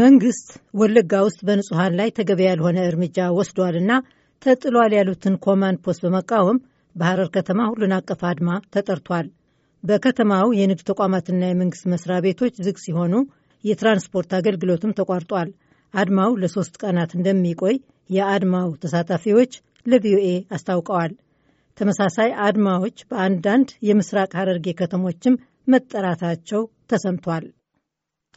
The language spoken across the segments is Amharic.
መንግስት ወለጋ ውስጥ በንጹሐን ላይ ተገቢ ያልሆነ እርምጃ ወስዷልና ተጥሏል ያሉትን ኮማንድ ፖስት በመቃወም በሐረር ከተማ ሁሉን አቀፍ አድማ ተጠርቷል። በከተማው የንግድ ተቋማትና የመንግስት መስሪያ ቤቶች ዝግ ሲሆኑ የትራንስፖርት አገልግሎትም ተቋርጧል። አድማው ለሶስት ቀናት እንደሚቆይ የአድማው ተሳታፊዎች ለቪኦኤ አስታውቀዋል። ተመሳሳይ አድማዎች በአንዳንድ የምስራቅ ሐረርጌ ከተሞችም መጠራታቸው ተሰምቷል።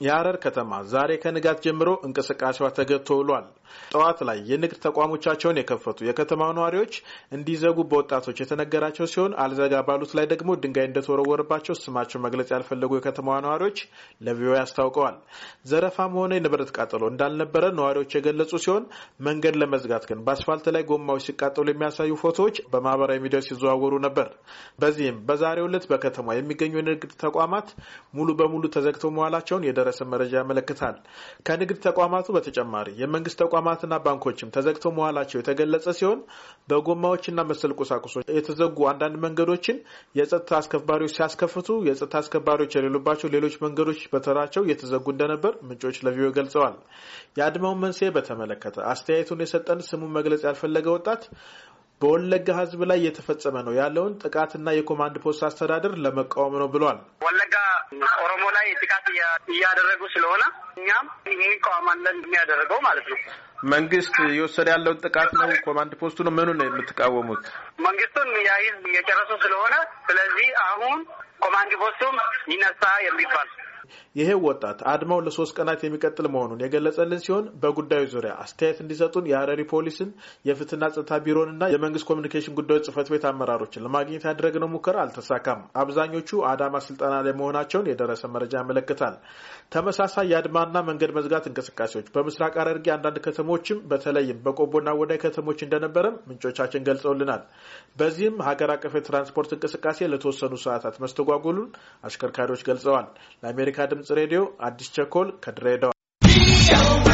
የሐረር ከተማ ዛሬ ከንጋት ጀምሮ እንቅስቃሴዋ ተገብቶ ውሏል። ጠዋት ላይ የንግድ ተቋሞቻቸውን የከፈቱ የከተማው ነዋሪዎች እንዲዘጉ በወጣቶች የተነገራቸው ሲሆን አልዘጋ ባሉት ላይ ደግሞ ድንጋይ እንደተወረወረባቸው ስማቸው መግለጽ ያልፈለጉ የከተማዋ ነዋሪዎች ለቪኦኤ አስታውቀዋል። ዘረፋም ሆነ የንብረት ቃጠሎ እንዳልነበረ ነዋሪዎች የገለጹ ሲሆን መንገድ ለመዝጋት ግን በአስፋልት ላይ ጎማዎች ሲቃጠሉ የሚያሳዩ ፎቶዎች በማህበራዊ ሚዲያዎች ሲዘዋወሩ ነበር። በዚህም በዛሬው ዕለት በከተማ የሚገኙ የንግድ ተቋማት ሙሉ በሙሉ ተዘግተው መዋላቸውን የደረሰ መረጃ ያመለክታል። ከንግድ ተቋማቱ በተጨማሪ የመንግስት ተቋማትና ባንኮችም ተዘግተው መዋላቸው የተገለጸ ሲሆን በጎማዎችና መሰል ቁሳቁሶች የተዘጉ አንዳንድ መንገዶችን የጸጥታ አስከባሪዎች ሲያስከፍቱ፣ የጸጥታ አስከባሪዎች የሌሉባቸው ሌሎች መንገዶች በተራቸው የተዘጉ እንደነበር ምንጮች ለቪዮ ገልጸዋል። የአድማውን መንስኤ በተመለከተ አስተያየቱን የሰጠን ስሙን መግለጽ ያልፈለገ ወጣት በወለጋ ህዝብ ላይ እየተፈጸመ ነው ያለውን ጥቃትና የኮማንድ ፖስት አስተዳደር ለመቃወም ነው ብሏል። ወለጋ ኦሮሞ ላይ ጥቃት እያደረጉ ስለሆነ እኛም እንቃወማለን የሚያደርገው ማለት ነው። መንግስት እየወሰደ ያለውን ጥቃት ነው ኮማንድ ፖስቱ ነው ምኑ ነው የምትቃወሙት? መንግስቱን የህዝብ እየጨረሱ ስለሆነ ስለዚህ አሁን ኮማንድ ፖስቱም ይነሳ የሚባል ይሄ ወጣት አድማው ለሶስት ቀናት የሚቀጥል መሆኑን የገለጸልን ሲሆን በጉዳዩ ዙሪያ አስተያየት እንዲሰጡን የሀረሪ ፖሊስን የፍትህና ጸጥታ ቢሮንና የመንግስት ኮሚኒኬሽን ጉዳዮች ጽህፈት ቤት አመራሮችን ለማግኘት ያደረግነው ሙከራ አልተሳካም። አብዛኞቹ አዳማ ስልጠና ላይ መሆናቸውን የደረሰ መረጃ ያመለክታል። ተመሳሳይ የአድማና መንገድ መዝጋት እንቅስቃሴዎች በምስራቅ ሐረርጌ አንዳንድ ከተሞችም በተለይም በቆቦና ወዳይ ከተሞች እንደነበረም ምንጮቻችን ገልጸውልናል። በዚህም ሀገር አቀፍ የትራንስፖርት እንቅስቃሴ ለተወሰኑ ሰዓታት መስተጓጎሉን አሽከርካሪዎች ገልጸዋል። ለአሜሪካ ለአሜሪካ ድምጽ ሬዲዮ አዲስ ቸኮል ከድሬዳዋ